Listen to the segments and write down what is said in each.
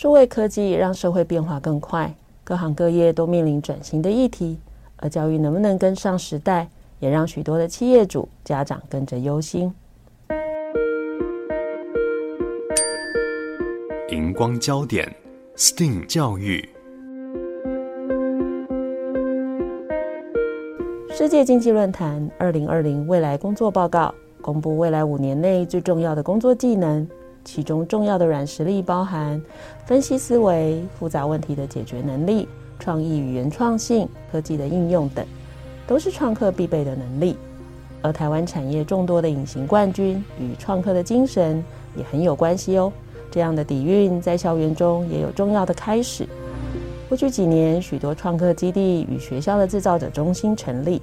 數位科技讓社會變化更快，各行各業都面臨轉型的議題，而教育能不能跟上時代，也讓許多的企業主、家長跟着憂心。熒光焦點，STEAM 教育。世界經濟論壇二零二零未來工作報告公布，未來五年內最重要的工作技能，其中重要的軟實力包含分析思維、複雜問題的解決能力、創意與原創性、科技的應用等，都是創客必備的能力。而台灣產業眾多的隱形冠軍與創客的精神也很有關係哦。這樣的底蘊在校園中也有重要的開始。過去幾年，許多創客基地與學校的制造者中心成立，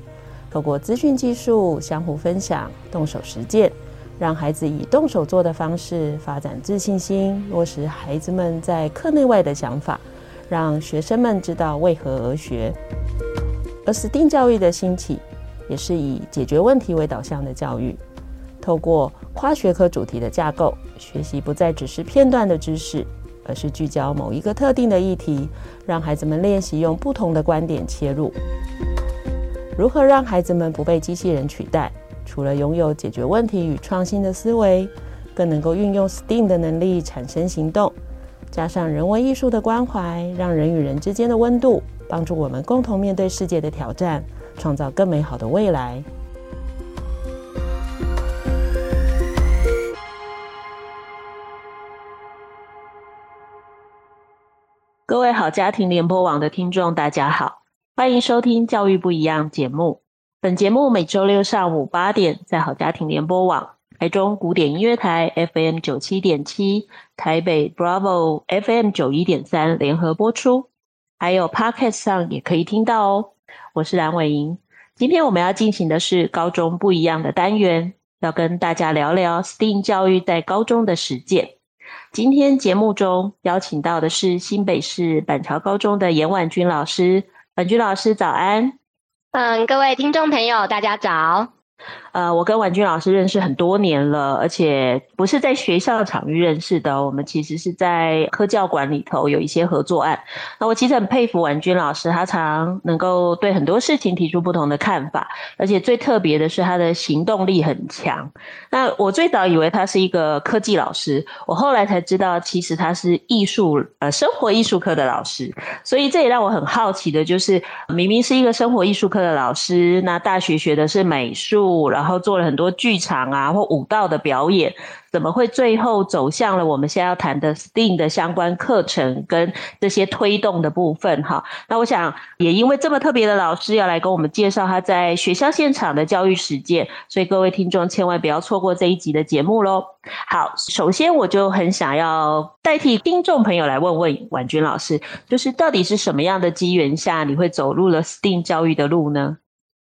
透過資訊技術相互分享、動手實踐。讓孩子以動手做的方式發展自信心，落實孩子們在課內外的想法，讓學生們知道為何而學。而 STEAM 教育的興起，也是以解決問題為導向的教育。透過跨學科主題的架構，學習不再只是片段的知識，而是聚焦某一個特定的議題，讓孩子們練習用不同的觀點切入。如何讓孩子們不被機器人取代？除了擁有解決問題與創新的思維，更能夠運用 STEAM 的能力產生行動，加上人文藝術的關懷，讓人與人之間的溫度，幫助我們共同面對世界的挑戰，創造更美好的未來。各位好家庭聯播網的聽眾，大家好，歡迎收聽《教育不一樣》節目。本節目每週六上午八點，在好家庭聯播網、台中古典音樂台 FM 九七點七、台北 Bravo FM 九一點三聯合播出，還有 Podcast 上也可以聽到哦。我是藍偉瑩，今天我們要進行的是高中不一樣的單元，要跟大家聊聊 STEAM 教育在高中的實踐。今天節目中邀請到的是新北市板橋高中的顏椀君老師，椀君老師早安。嗯，各位聽眾朋友，大家早。呃，我跟椀君老師認識很多年了，而且不是在學校場域認識的，我們其實是在科教館裡頭有一些合作案。那我其實很佩服椀君老師，她常能夠對很多事情提出不同的看法，而且最特別的是她的行動力很強。那我最早以為他是一個科技老師，我後來才知道，其實他是藝術呃生活藝術科的老師，所以這也讓我很好奇的就是，明明是一個生活藝術科的老師，那大學學的是美術，然後。然後做了很多劇場啊，或舞蹈的表演，怎麼會最後走向了我們現在要談的 STEAM 的相關課程跟這些推動的部分？哈，那我想也因為這麼特別的老師要來跟我們介紹他在學校現場的教育實踐，所以各位聽眾千萬不要錯過這一集的節目嘍。好，首先我就很想要代替聽眾朋友來問問椀君老師，就是到底是什麼樣的機緣下你會走入了 STEAM 教育的路呢？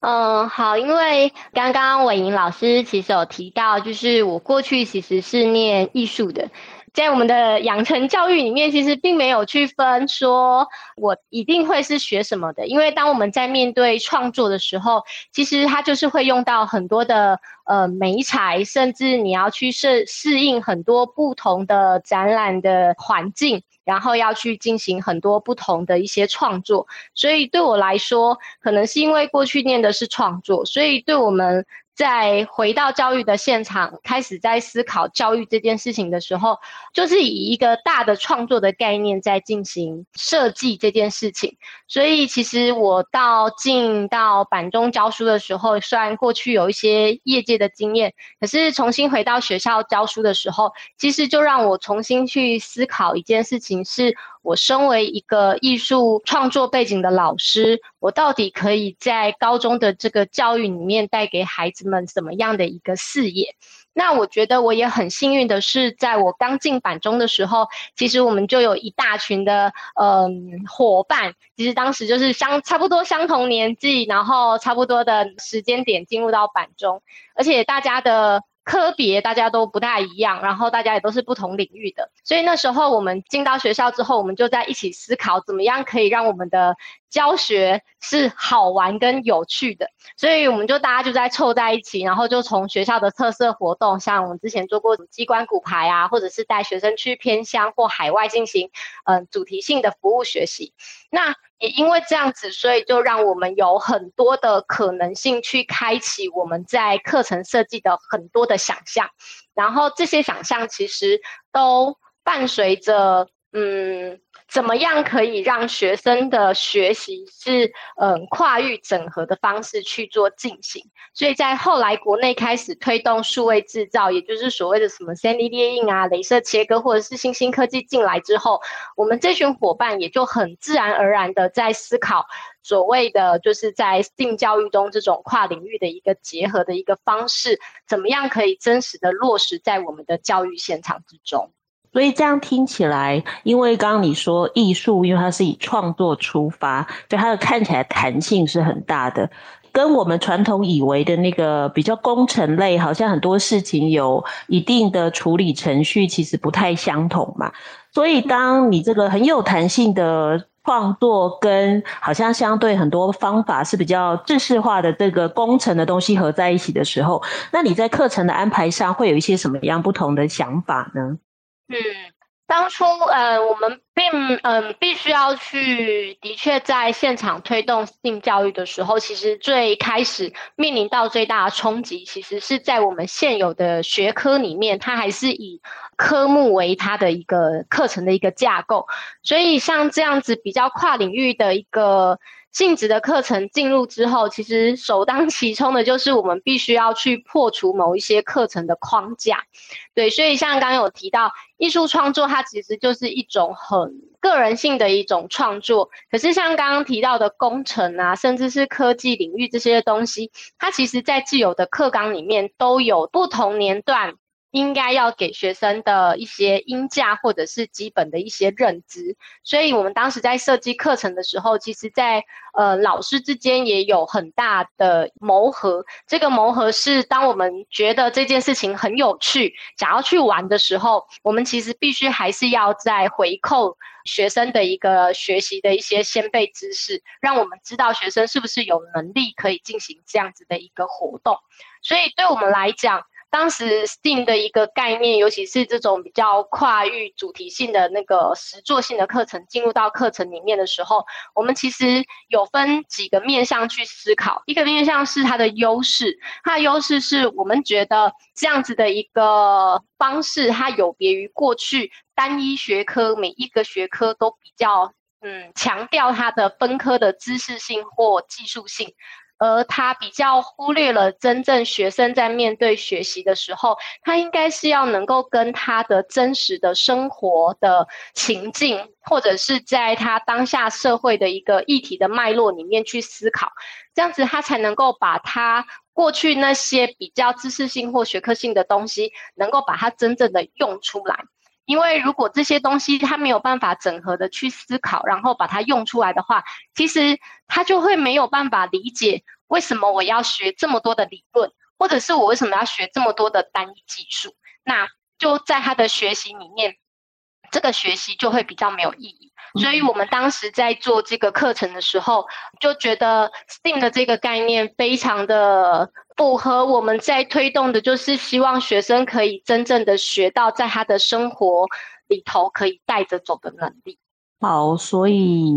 嗯，好，因為剛剛偉瑩老師其實有提到，就是我過去其實是念藝術的，在我們的養成教育裡面，其實並沒有區分說我一定會是學什麼的，因為當我們在面對創作的時候，其實它就是會用到很多的呃媒材，甚至你要去適適應很多不同的展覽的環境。然後要去進行很多不同的一些創作，所以對我來說，可能是因為過去念的是創作，所以對我們。在回到教育的現場，開始在思考教育這件事情的時候，就是以一個大的創作的概念在進行設計這件事情。所以，其實我到進到板中教書的時候，雖然過去有一些業界的經驗，可是重新回到學校教書的時候，其實就讓我重新去思考一件事情是。我身為一個藝術創作背景的老師，我到底可以在高中的這個教育裡面帶給孩子們什麼樣的一個視野？那我覺得我也很幸運的是，在我剛進板中的時候，其實我們就有一大群的嗯、呃、夥伴，其實當時就是相差不多相同年紀，然後差不多的時間點進入到板中，而且大家的。科別大家都不大一樣，然後大家也都是不同領域的，所以那時候我們進到學校之後，我們就在一起思考，怎麼樣可以讓我們的教學是好玩跟有趣的，所以我們就大家就在湊在一起，然後就從學校的特色活動，像我們之前做過機關骨牌啊，或者是帶學生去偏鄉或海外進行，嗯、呃，主題性的服務學習，那。也因為這樣子，所以就讓我們有很多的可能性去開啟我們在課程設計的很多的想象然後這些想象其實都伴隨着，嗯。怎麼樣可以讓學生的學習是嗯跨域整合的方式去做進行？所以在後來國內開始推動數位制造，也就是所謂的什麼三 D 列印啊、雷射切割，或者是新興科技進來之後，我們這群夥伴也就很自然而然的在思考所謂的就是在 STEAM 教育中這種跨領域的一個結合的一個方式，怎麼樣可以真實的落實在我們的教育現場之中？所以這樣聽起來，因為剛剛你說藝術，因為它是以創作出發，就它的看起來彈性是很大的，跟我們傳統以為的那個比較工程類，好像很多事情有一定的處理程序，其實不太相同嘛。所以當你這個很有彈性的創作，跟好像相對很多方法是比較制式化的這個工程的東西合在一起的時候，那你在課程的安排上會有一些什麼樣不同的想法呢？嗯，當初，呃、嗯、我們並嗯必須要去，的確在現場推動 STEAM 教育的時候，其實最開始面臨到最大的衝擊，其實是在我們現有的學科裡面，它還是以科目為它的一個課程的一個架構，所以像這樣子比較跨領域的一個。性質的課程進入之後，其實首當其衝的就是我們必須要去破除某一些課程的框架，對。所以像剛剛有提到藝術創作，它其實就是一種很個人性的一種創作。可是像剛剛提到的工程啊，甚至是科技領域這些東西，它其實在既有的課綱裡面都有不同年段。應該要給學生的一些鷹架，或者是基本的一些認知，所以我們當時在設計課程的時候，其實在呃老師之間也有很大的磨合。這個磨合是當我們覺得這件事情很有趣，想要去玩的時候，我們其實必須還是要再回扣學生的一個學習的一些先備知識，讓我們知道學生是不是有能力可以進行這樣子的一個活動。所以對我們來講。當時 STEAM 的一個概念，尤其是這種比較跨域主題性的那個實作性的課程，進入到課程裡面的時候，我們其實有分幾個面向去思考。一個面向是它的優勢，它的優勢是我們覺得這樣子的一個方式，它有別於過去單一學科，每一個學科都比較嗯強調它的分科的知識性或技術性。而他比較忽略了，真正學生在面對學習的時候，他應該是要能夠跟他的真實的生活的情境，或者是在他當下社會的一個議題的脈絡裡面去思考，這樣子他才能夠把他過去那些比較知識性或學科性的東西，能夠把它真正的用出來。因為如果這些東西他沒有辦法整合的去思考，然後把它用出來的話，其實他就會沒有辦法理解為什麼我要學這麼多的理論，或者是我為什麼要學這麼多的單一技術，那就在他的學習裡面，這個學習就會比較沒有意義。所以我們當時在做這個課程的時候，就覺得 STEAM 的這個概念非常的符合我們在推動的，就是希望學生可以真正的學到，在他的生活裡頭可以帶着走的能力。好，所以。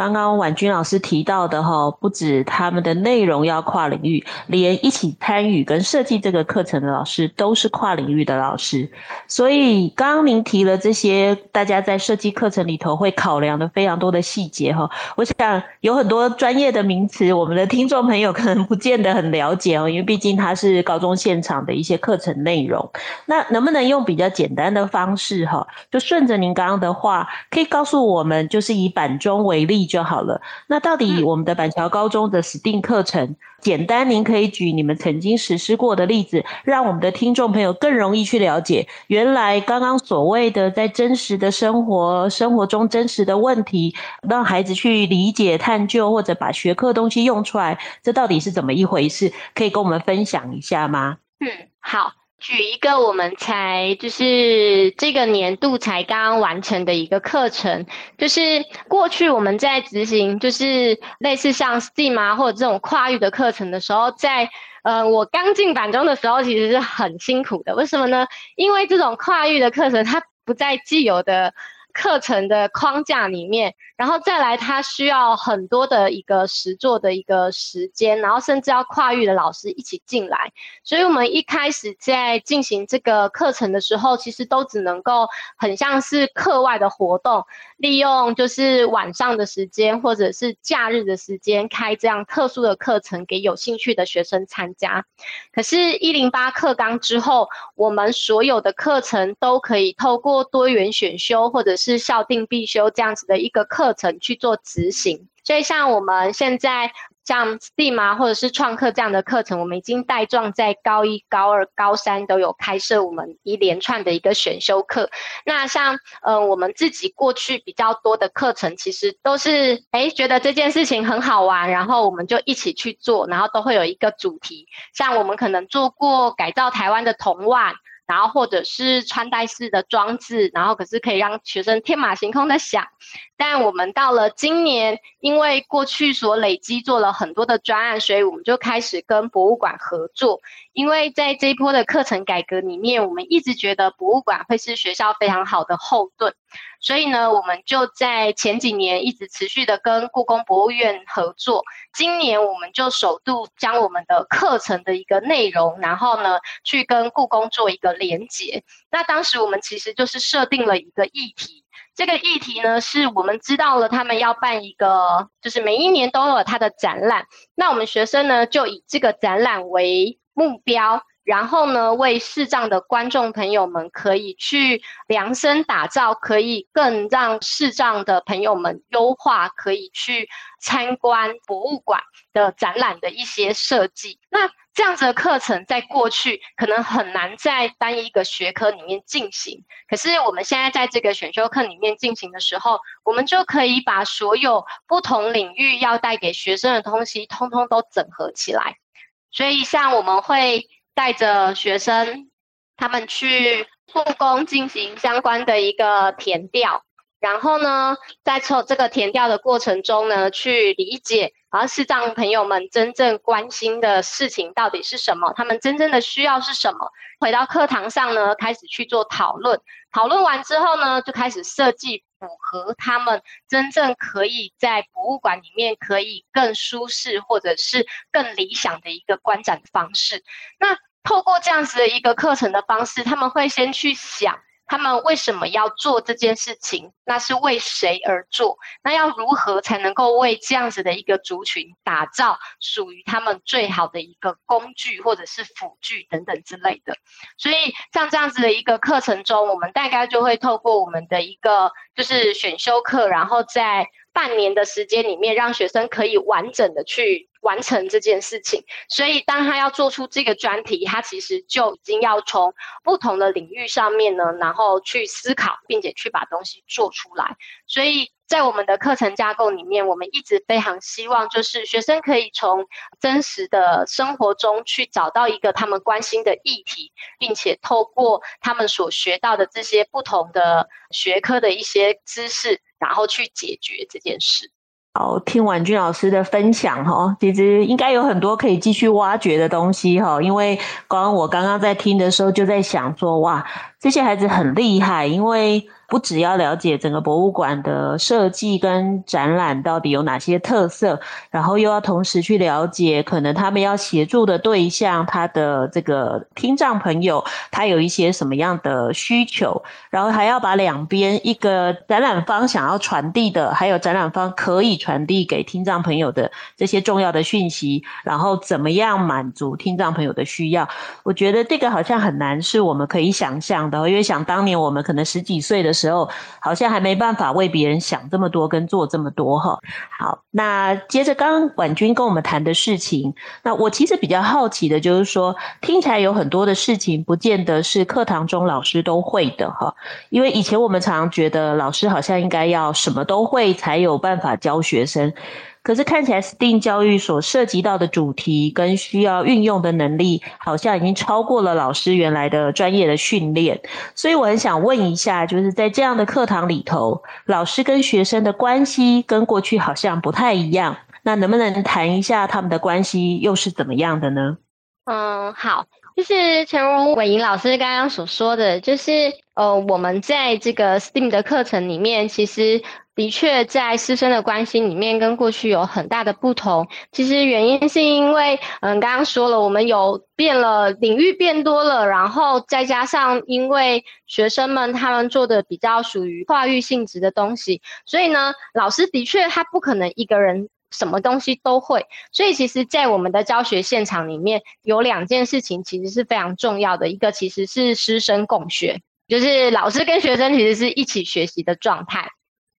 剛剛婉君老師提到的哈，不止他們的內容要跨領域，連一起參與跟設計這個課程的老師都是跨領域的老師。所以剛剛您提了這些，大家在設計課程裡頭會考量的非常多的細節哈。我想有很多專業的名詞，我們的聽眾朋友可能不見得很了解哦，因為畢竟它是高中現場的一些課程內容。那能不能用比較簡單的方式哈，就順着您剛剛的話，可以告訴我們，就是以板中為例就好了。那到底我們的板橋高中的 STEAM 課程，嗯，簡單您可以舉你們曾經實施過的例子，讓我們的聽眾朋友更容易去了解，原來剛剛所謂的在真實的生活生活中，真實的問題，讓孩子去理解、探究或者把學科東西用出來，這到底是怎麼一回事？可以跟我們分享一下嗎？嗯，好。舉一個，我們才就是這個年度才剛剛完成的一個課程，就是過去我們在執行，就是類似像 STEAM 啊，或者這種跨域的課程的時候，在呃，我剛進板中的時候，其實是很辛苦的。為什麼呢？因為這種跨域的課程，它不在既有的。課程的框架裡面，然後再來，它需要很多的一個實作的一個時間，然後甚至要跨域的老師一起進來。所以我們一開始在進行這個課程的時候，其實都只能夠很像是課外的活動。利用就是晚上的時間或者是假日的時間，開這樣特殊的課程給有興趣的學生參加，可是一零八課綱之後，我們所有的課程都可以透過多元選修或者是校定必修這樣子的一個課程去做執行，所以像我們現在。像 STEAM 啊，或者是創客這樣的課程，我們已經帶狀在高一、高二、高三都有開設我們一連串的一個選修課。那像，嗯、呃，我們自己過去比較多的課程，其實都是，哎，覺得這件事情很好玩，然後我們就一起去做，然後都會有一個主題。像我們可能做過改造台灣的童玩，然後或者是穿戴式的裝置，然後可是可以讓學生天馬行空的想。但我們到了今年，因為過去所累積做了很多的專案，所以我們就開始跟博物館合作。因為在這一波的課程改革裡面，我們一直覺得博物館會是學校非常好的後盾。所以呢，我們就在前幾年一直持續的跟故宮博物院合作。今年，我們就首度將我們的課程的一個內容，然後呢，去跟故宮做一個連結。那當時我們其實就是設定了一個議題，這個議題呢，是我們知道了他們要辦一個，就是每一年都有它的展覽。那我們學生呢，就以這個展覽為目標。然後呢，為視障的觀眾朋友們可以去量身打造，可以更讓視障的朋友們優化，可以去參觀博物館的展覽的一些設計。那這樣子的課程，在過去可能很難在單一個學科裡面進行，可是我們現在在這個選修課裡面進行的時候，我們就可以把所有不同領域要帶給學生的東西，通通都整合起來。所以，像我們會。帶着學生，他們去復宮進行相關的一個田調，然後呢，在做這個田調的過程中呢，去理解，而是讓朋友們真正關心的事情到底是什麼，他們真正的需要是什麼。回到課堂上呢，開始去做討論，討論完之後呢，就開始設計。符合他們真正可以在博物館裡面可以更舒適或者是更理想的一個觀展方式。那透過這樣子的一個課程的方式，他們會先去想。他們為什麼要做這件事情？那是為誰而做？那要如何才能夠為這樣子的一個族群打造屬於他們最好的一個工具或者是輔具等等之類的。所以像這樣子的一個課程中，我們大概就會透過我們的一個就是選修課，然後在半年的時間裡面，讓學生可以完整的去。完成這件事情，所以當他要做出這個專題，他其實就已經要從不同的領域上面呢，然後去思考，並且去把東西做出來。所以在我們的課程架構裡面，我們一直非常希望就是學生可以從真實的生活中去找到一個他們關心的議題，並且透過他們所學到的這些不同的學科的一些知識，然後去解決這件事。好，聽椀君老師的分享哈，其實應該有很多可以繼續挖掘的東西哈，因為剛剛我剛剛在聽的時候就在想說哇。這些孩子很厲害，因為不只要了解整個博物館的設計跟展覽到底有哪些特色，然後又要同時去了解可能他們要協助的對象，他的這個聽障朋友他有一些什麼樣的需求，然後還要把兩邊一個展覽方想要傳遞的，還有展覽方可以傳遞給聽障朋友的這些重要的訊息，然後怎麼樣滿足聽障朋友的需要，我覺得這個好像很難，是我們可以想象的。因為想當年我們可能十幾歲的時候，好像還沒辦法為別人想這麼多跟做這麼多哈。好，那接着剛剛椀君跟我們談的事情，那我其實比較好奇的就是說，聽起來有很多的事情，不見得是課堂中老師都會的哈。因為以前我們常常覺得老師好像應該要什麼都會，才有辦法教學生。可是看起來 STEAM 教育所涉及到的主題跟需要運用的能力，好像已經超過了老師原來的專業的訓練。所以我很想問一下，就是在這樣的課堂裡頭，老師跟學生的關係跟過去好像不太一樣。那能不能談一下他們的關係又是怎麼樣的呢？嗯，好。就是誠如偉瑩老師剛剛所說的，就是呃，我們在這個 STEAM 的課程裡面，其實的確在師生的關係裡面跟過去有很大的不同。其實原因是因為，嗯，剛剛說了，我們有變了領域變多了，然後再加上因為學生們他們做的比較屬於跨域性質的東西，所以呢，老師的確他不可能一個人，什麼東西都會，所以其實，在我們的教學現場裡面，有兩件事情其實是非常重要的。一個其實是師生共學，就是老師跟學生其實是一起學習的狀態。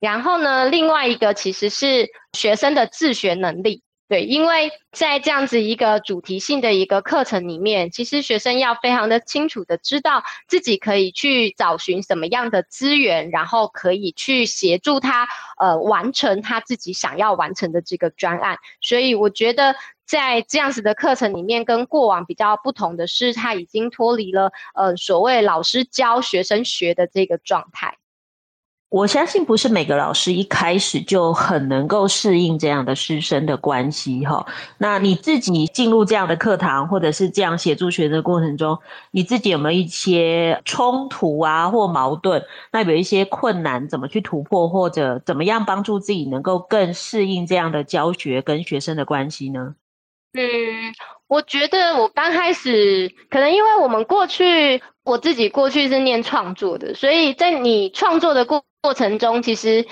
然後呢，另外一個其實是學生的自學能力。對，因為在這樣子一個主題性的一個課程裡面，其實學生要非常的清楚的知道自己可以去找尋什麼樣的資源，然後可以去協助他，呃，完成他自己想要完成的這個專案。所以我覺得在這樣子的課程裡面，跟過往比較不同的是，他已經脫離了呃、所謂老師教學生學的這個狀態。我相信不是每個老師一開始就很能夠適應這樣的師生的關係哈。那你自己進入這樣的課堂，或者是這樣協助學生的過程中，你自己有沒有一些衝突啊或矛盾？那有一些困難，怎麼去突破或者怎麼樣幫助自己能夠更適應這樣的教學跟學生的關係呢？嗯，我覺得我剛開始可能因為我們過去，我自己過去是念創作的，所以在你創作的過過程中，其實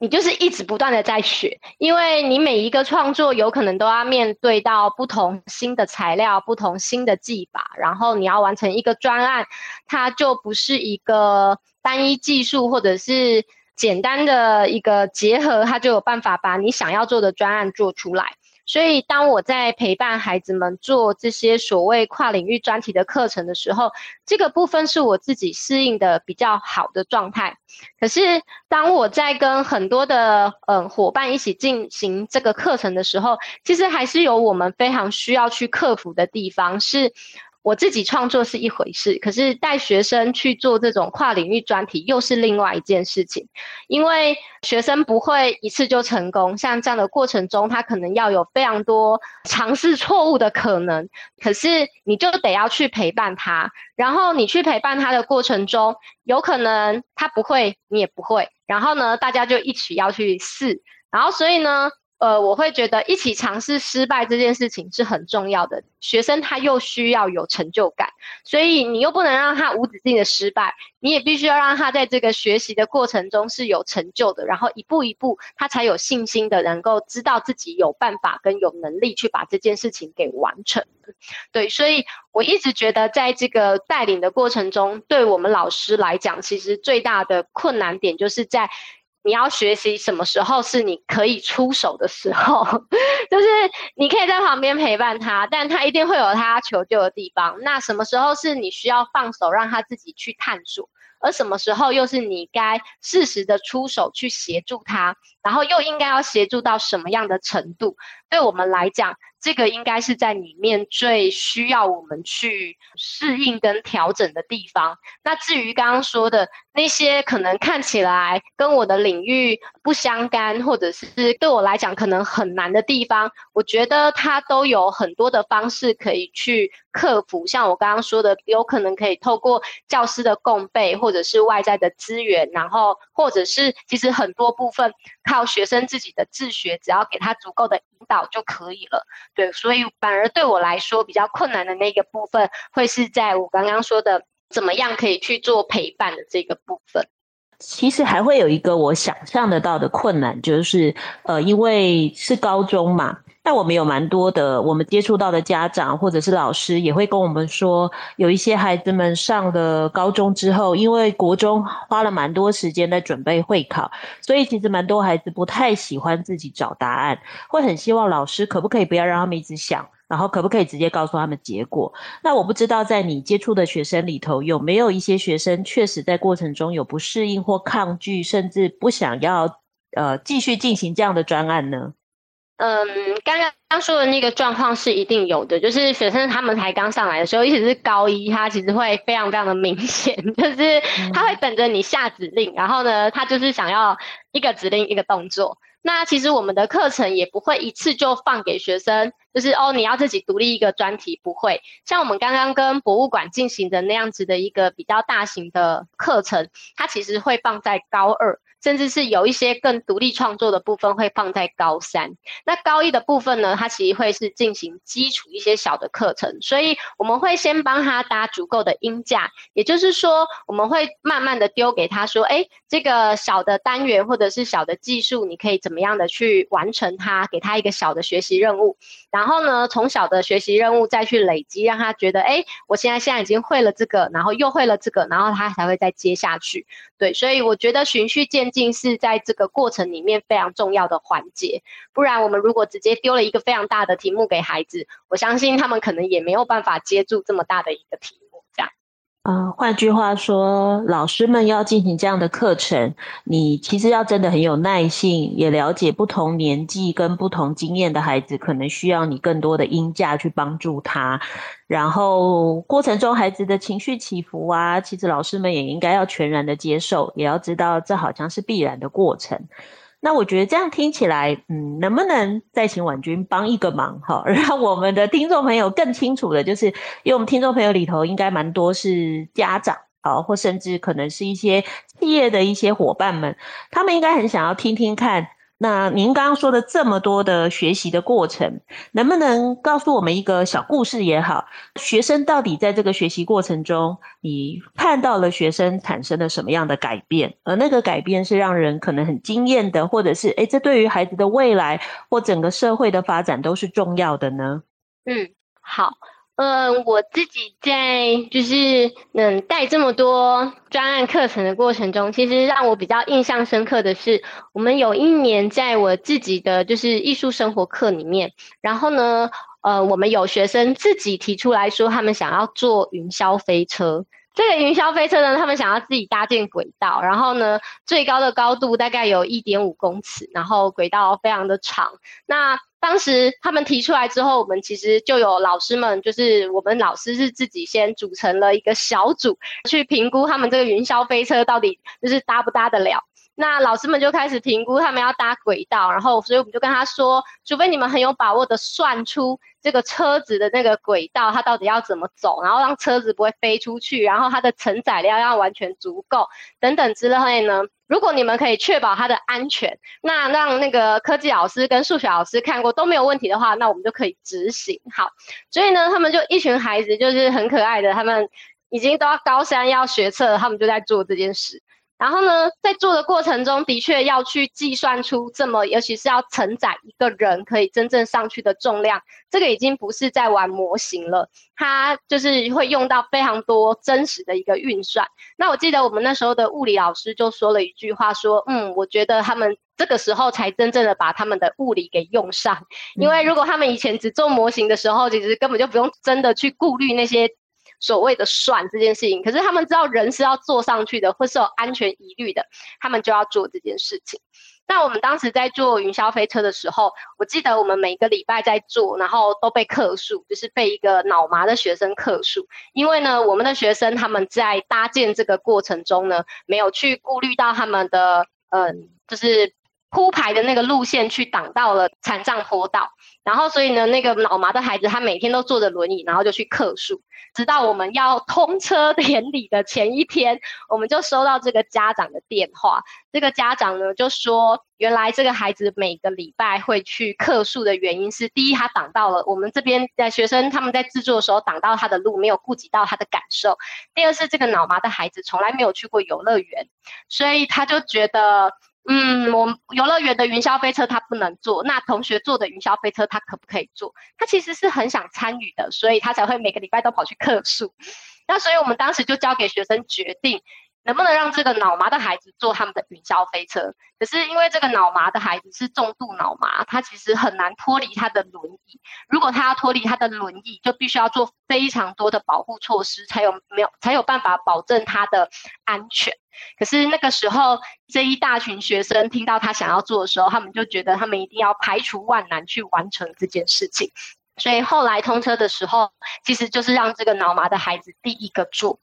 你就是一直不斷的在學，因為你每一個創作有可能都要面對到不同新的材料、不同新的技法，然後你要完成一個專案，它就不是一個單一技術或者是簡單的一個結合，它就有辦法把你想要做的專案做出來。所以，當我在陪伴孩子們做這些所謂跨領域專題的課程的時候，這個部分是我自己適應的比較好的狀態。可是，當我在跟很多的嗯、呃、夥伴一起進行這個課程的時候，其實還是有我們非常需要去克服的地方是。我自己創作是一回事，可是帶學生去做這種跨領域專題又是另外一件事情，因為學生不會一次就成功，像這樣的過程中，他可能要有非常多嘗試錯誤的可能，可是你就得要去陪伴他，然後你去陪伴他的過程中，有可能他不會，你也不會，然後呢，大家就一起要去試，然後所以呢。呃，我會覺得一起嘗試失敗這件事情是很重要的。學生他又需要有成就感，所以你又不能讓他無止境的失敗，你也必須要讓他在這個學習的過程中是有成就的，然後一步一步他才有信心的能夠知道自己有辦法跟有能力去把這件事情給完成。對，所以我一直覺得在這個帶領的過程中，對我們老師來講，其實最大的困難點就是在。你要學習什麼時候是你可以出手的時候，就是你可以在旁邊陪伴他，但他一定會有他求救的地方。那什麼時候是你需要放手讓他自己去探索，而什麼時候又是你該適時的出手去協助他？然後又應該要協助到什麼樣的程度？對我們來講，這個應該是在裡面最需要我們去適應跟調整的地方。那至於剛剛說的那些可能看起來跟我的領域不相干，或者是對我來講可能很難的地方，我覺得它都有很多的方式可以去克服。像我剛剛說的，有可能可以透過教師的共備，或者是外在的資源，然後或者是其實很多部分靠到學生自己的自學，只要給他足夠的引導就可以了。對，所以反而對我來說比較困難的那個部分，會是在我剛剛說的怎麼樣可以去做陪伴的這個部分。其實還會有一個我想象得到的困難，就是，呃，因為是高中嘛，但我們有蠻多的，我們接觸到的家長或者是老師也會跟我們說，有一些孩子們上了高中之後，因為國中花了蠻多時間在準備會考，所以其實蠻多孩子不太喜歡自己找答案，會很希望老師可不可以不要讓他們一直想。然後可不可以直接告訴他們結果？那我不知道，在你接觸的學生裡頭，有沒有一些學生確實在過程中有不適應或抗拒，甚至不想要，呃，繼續進行這樣的專案呢？嗯，剛剛剛說的那個狀況是一定有的，就是學生他們才剛上來的時候，尤其是高一，他其實會非常非常的明顯，就是他會等着你下指令，然後呢，他就是想要一個指令一個動作。那其實我們的課程也不會一次就放給學生。就是哦，你要自己獨立一個專題，不會像我們剛剛跟博物館進行的那樣子的一個比較大型的課程，它其實會放在高二。甚至是有一些更獨立創作的部分會放在高三，那高一的部分呢，它其實會是進行基礎一些小的課程，所以我們會先幫他搭足夠的鷹架，也就是說，我們會慢慢的丟給他說，誒，這個小的單元或者是小的技術，你可以怎麼樣的去完成它，給他一個小的學習任務，然後呢，從小的學習任務再去累積，讓他覺得，誒，我現在現在已經會了這個，然後又會了這個，然後他才會再接下去。對，所以我覺得循序漸進是在這個過程裡面非常重要的環節，不然我們如果直接丟了一個非常大的題目給孩子，我相信他們可能也沒有辦法接住這麼大的一個題目。嗯，換句話說，老師們要進行這樣的課程，你其實要真的很有耐性，也了解不同年紀跟不同經驗的孩子，可能需要你更多的鷹架去幫助他。然後過程中孩子的情緒起伏啊，其實老師們也應該要全然的接受，也要知道這好像是必然的過程。那我覺得這樣聽起來，嗯，能不能再請椀君幫一個忙，哈、哦，讓我們的聽眾朋友更清楚的，就是因為我們聽眾朋友裡頭應該蠻多是家長啊、哦，或甚至可能是一些企業的一些夥伴們，他們應該很想要聽聽看。那您剛剛說的這麼多的學習的過程，能不能告訴我們一個小故事也好？學生到底在這個學習過程中，你看到了學生產生了什麼樣的改變？而那個改變是讓人可能很驚豔的，或者是，哎，這對於孩子的未來或整個社會的發展都是重要的呢？嗯，好。嗯，我自己在就是嗯帶這麼多專案課程的過程中，其實讓我比較印象深刻的是，我們有一年在我自己的就是藝術生活課裡面，然後呢，呃、嗯，我們有學生自己提出來說他們想要坐雲霄飛車。這個雲霄飛車呢，他們想要自己搭建軌道，然後呢，最高的高度大概有一點五公尺，然後軌道非常的長。那當時他們提出來之後，我們其實就有老師們，就是我們老師是自己先組成了一個小組去評估他們這個雲霄飛車到底就是搭不搭得了。那老師們就開始評估他們要搭軌道，然後所以我們就跟他說，除非你們很有把握的算出這個車子的那個軌道它到底要怎麼走，然後讓車子不會飛出去，然後它的承載量要完全足夠等等之類的呢。如果你們可以確保它的安全，那讓那個科技老師跟數學老師看過都沒有問題的話，那我們就可以執行。好，所以呢，他們就一群孩子，就是很可愛的，他們已經都要高三要學測了，他們就在做這件事。然後呢，在做的過程中的確要去計算出這麼，尤其是要承載一個人可以真正上去的重量，這個已經不是在玩模型了，它就是會用到非常多真實的一個運算。那我記得我們那時候的物理老師就說了一句話，說：“嗯，我覺得他們這個時候才真正的把他們的物理給用上，因為如果他們以前只做模型的時候，其實根本就不用真的去顧慮那些。”所謂的算這件事情，可是他們知道，人是要坐上去的，會是有安全疑慮的，他們就要做這件事情。那我們當時在做雲霄飛車的時候，我記得我們每個禮拜在做，然後都被客訴，就是被一個腦麻的學生客訴。因為呢，我們的學生他們在搭建這個過程中呢，沒有去顧慮到他們的，嗯，就是。鋪排的那個路線去擋到了殘障坡道，然後所以呢，那個腦麻的孩子他每天都坐着輪椅，然後就去客訴，直到我們要通車典禮的前一天，我們就收到這個家長的電話。這個家長呢就說，原來這個孩子每個禮拜會去客訴的原因是：第一，他擋到了我們這邊的學生他們在制作的時候擋到他的路，沒有顧及到他的感受；第二是這個腦麻的孩子從來沒有去過遊樂園，所以他就覺得。嗯，我們遊樂園的雲霄飛車他不能坐，那同學坐的雲霄飛車他可不可以坐？他其實是很想參與的，所以他才會每個禮拜都跑去客訴。那所以我們當時就交給學生決定。能不能讓這個腦麻的孩子坐他們的雲霄飛車？可是因為這個腦麻的孩子是重度腦麻，他其實很難脫離他的輪椅。如果他要脫離他的輪椅，就必須要做非常多的保護措施，才有沒有，才有辦法保證他的安全。可是那個時候，這一大群學生聽到他想要做的時候，他們就覺得他們一定要排除萬難去完成這件事情。所以後來通車的時候，其實就是讓這個腦麻的孩子第一個坐。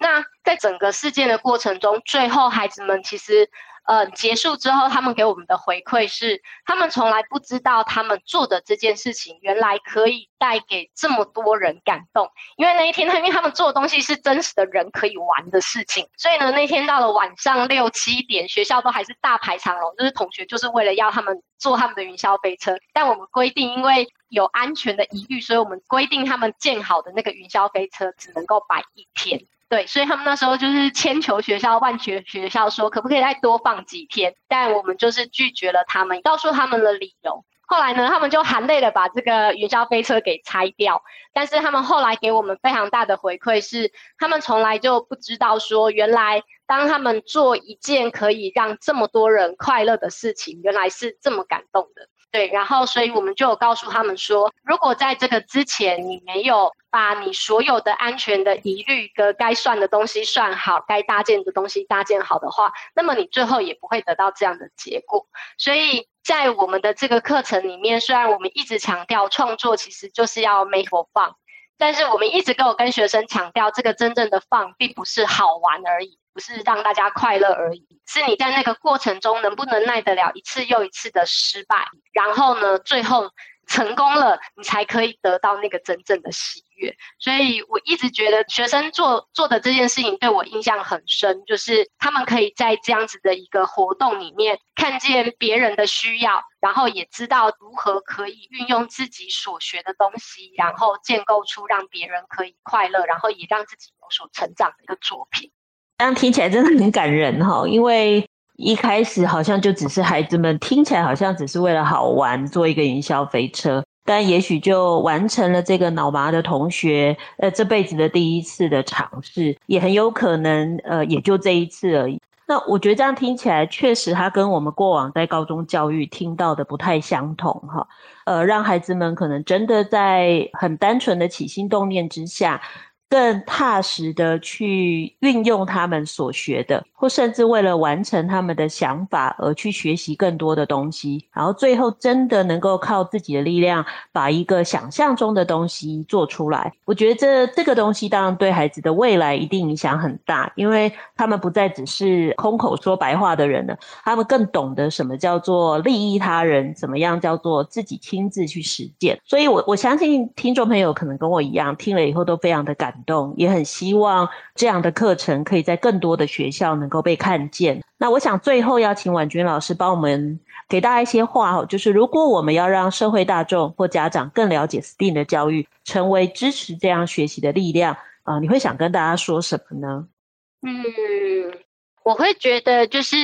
那在整個事件的過程中，最後孩子們其實，呃，結束之後，他們給我們的回饋是，他們從來不知道他們做的這件事情原來可以帶給這麼多人感動。因為那一天，因為他們做的東西是真實的人可以玩的事情，所以呢，那天到了晚上六七點，學校都還是大排長龍，就是同學就是為了要他們坐他們的雲霄飛車。但我們規定，因為有安全的疑慮，所以我們規定他們建好的那個雲霄飛車只能夠擺一天。對，所以他們那時候就是千求學校萬求學校，說可不可以再多放幾天？但我們就是拒絕了他們，告訴他們的理由。後來呢，他們就含淚的把這個雲霄飛車給拆掉。但是他們後來給我們非常大的回饋是，是他們從來就不知道說，原來當他們做一件可以讓這麼多人快樂的事情，原來是這麼感動的。對，然後，所以我們就有告訴他們說，如果在這個之前，你沒有把你所有的安全的疑慮跟該算的東西算好，該搭建的東西搭建好的話，那麼你最後也不會得到這樣的結果。所以在我們的這個課程裡面，雖然我們一直強調創作其實就是要 make for fun，但是我們一直都有跟學生強調，這個真正的 fun 並不是好玩而已。是讓大家快樂而已，是你在那個過程中能不能耐得了一次又一次的失敗，然後呢，最後成功了，你才可以得到那個真正的喜悅。所以我一直覺得學生做做的這件事情對我印象很深，就是他們可以在這樣子的一個活動裡面看見別人的需要，然後也知道如何可以運用自己所學的東西，然後建構出讓別人可以快樂，然後也讓自己有所成長的一個作品。這樣聽起來真的很感人哈，因為一開始好像就只是孩子們聽起來好像只是為了好玩做一個營銷飛車，但也許就完成了這個腦麻的同學，呃，這輩子的第一次的嘗試，也很有可能，呃，也就這一次而已。那我覺得這樣聽起來確實，它跟我們過往在高中教育聽到的不太相同哈，呃，讓孩子們可能真的在很單純的起心動念之下。更踏實的去運用他們所學的，或甚至為了完成他們的想法而去學習更多的東西，然後最後真的能夠靠自己的力量把一個想象中的東西做出來。我覺得這這個東西當然對孩子的未來一定影響很大，因為他們不再只是空口說白話的人了，他們更懂得什麼叫做利益他人，怎麼樣叫做自己親自去實踐。所以我，我我相信聽眾朋友可能跟我一樣，聽了以後都非常的感動。動也很希望這樣的課程可以在更多的學校能夠被看見。那我想最後要請椀君老師幫我們給大家一些話哦，就是如果我們要讓社會大眾或家長更了解 STEAM 的教育，成為支持這樣學習的力量啊、呃，你會想跟大家說什麼呢？嗯，我會覺得就是。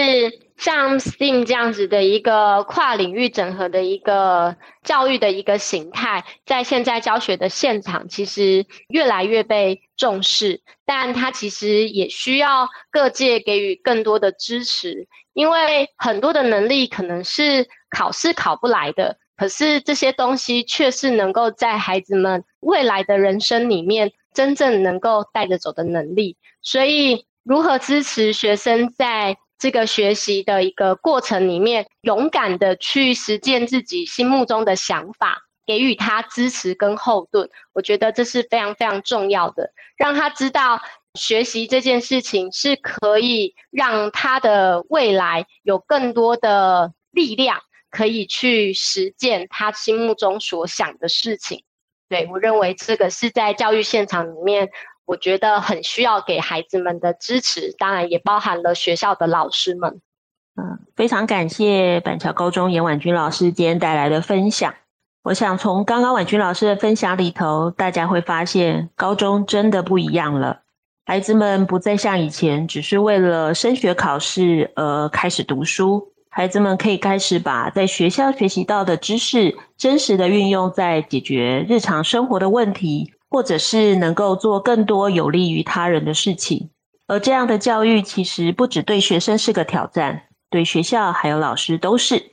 像 STEAM 這樣子的一個跨領域整合的一個教育的一個形態，在現在教學的現場其實越來越被重視，但它其實也需要各界給予更多的支持，因為很多的能力可能是考試考不來的，可是這些東西卻是能夠在孩子們未來的人生裡面真正能夠帶着走的能力，所以如何支持學生在這個學習的一個過程裡面，勇敢的去實踐自己心目中的想法，給予他支持跟後盾，我覺得這是非常非常重要的。讓他知道，學習這件事情是可以讓他的未來有更多的力量，可以去實踐他心目中所想的事情。對，我認為這個是在教育現場裡面。我覺得很需要給孩子們的支持，當然也包含了學校的老師們。嗯，非常感謝板橋高中顏椀君老師今天帶來的分享。我想從剛剛椀君老師的分享裡頭，大家會發現高中真的不一樣了。孩子們不再像以前只是為了升學考試而開始讀書，孩子們可以開始把在學校學習到的知識，真實地運用在解決日常生活的問題。或者是能夠做更多有利於他人的事情，而這樣的教育其實不只對學生是個挑戰，對學校還有老師都是。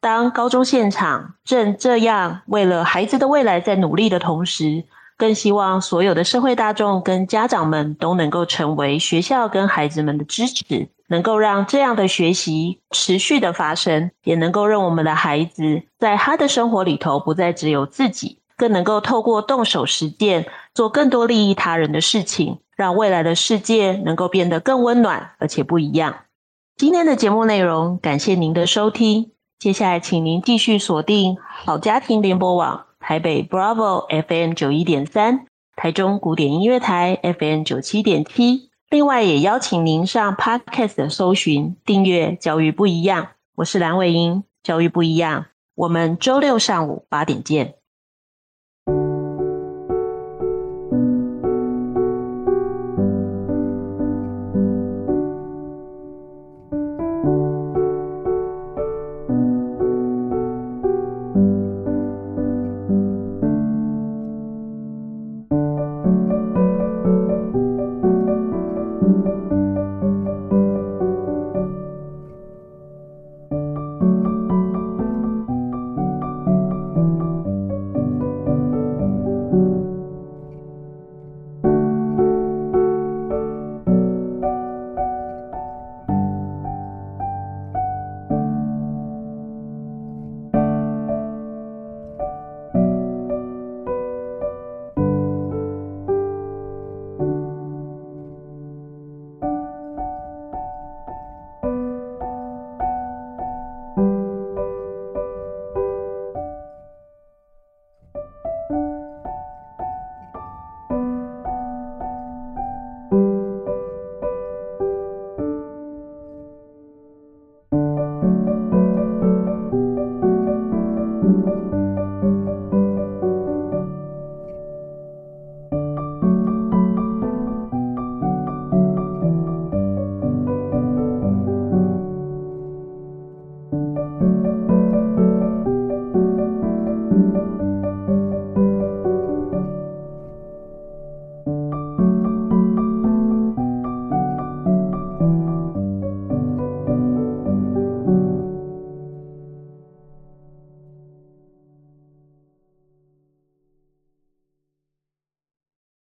當高中現場正這樣為了孩子的未來在努力的同時，更希望所有的社會大眾跟家長們都能夠成為學校跟孩子們的支持，能夠讓這樣的學習持續的發生，也能夠讓我們的孩子在他的生活裡頭不再只有自己。更能夠透過動手實踐，做更多利益他人的事情，讓未來的世界能夠變得更溫暖而且不一樣。今天的節目內容，感謝您的收聽。接下來，請您繼續鎖定好家庭聯播網台北 Bravo FM 九一點三，台中古典音樂台 FM 九七點七。另外，也邀請您上 Podcast 搜尋訂閱“教育不一樣”。我是藍偉瑩，教育不一樣。我們周六上午八點見。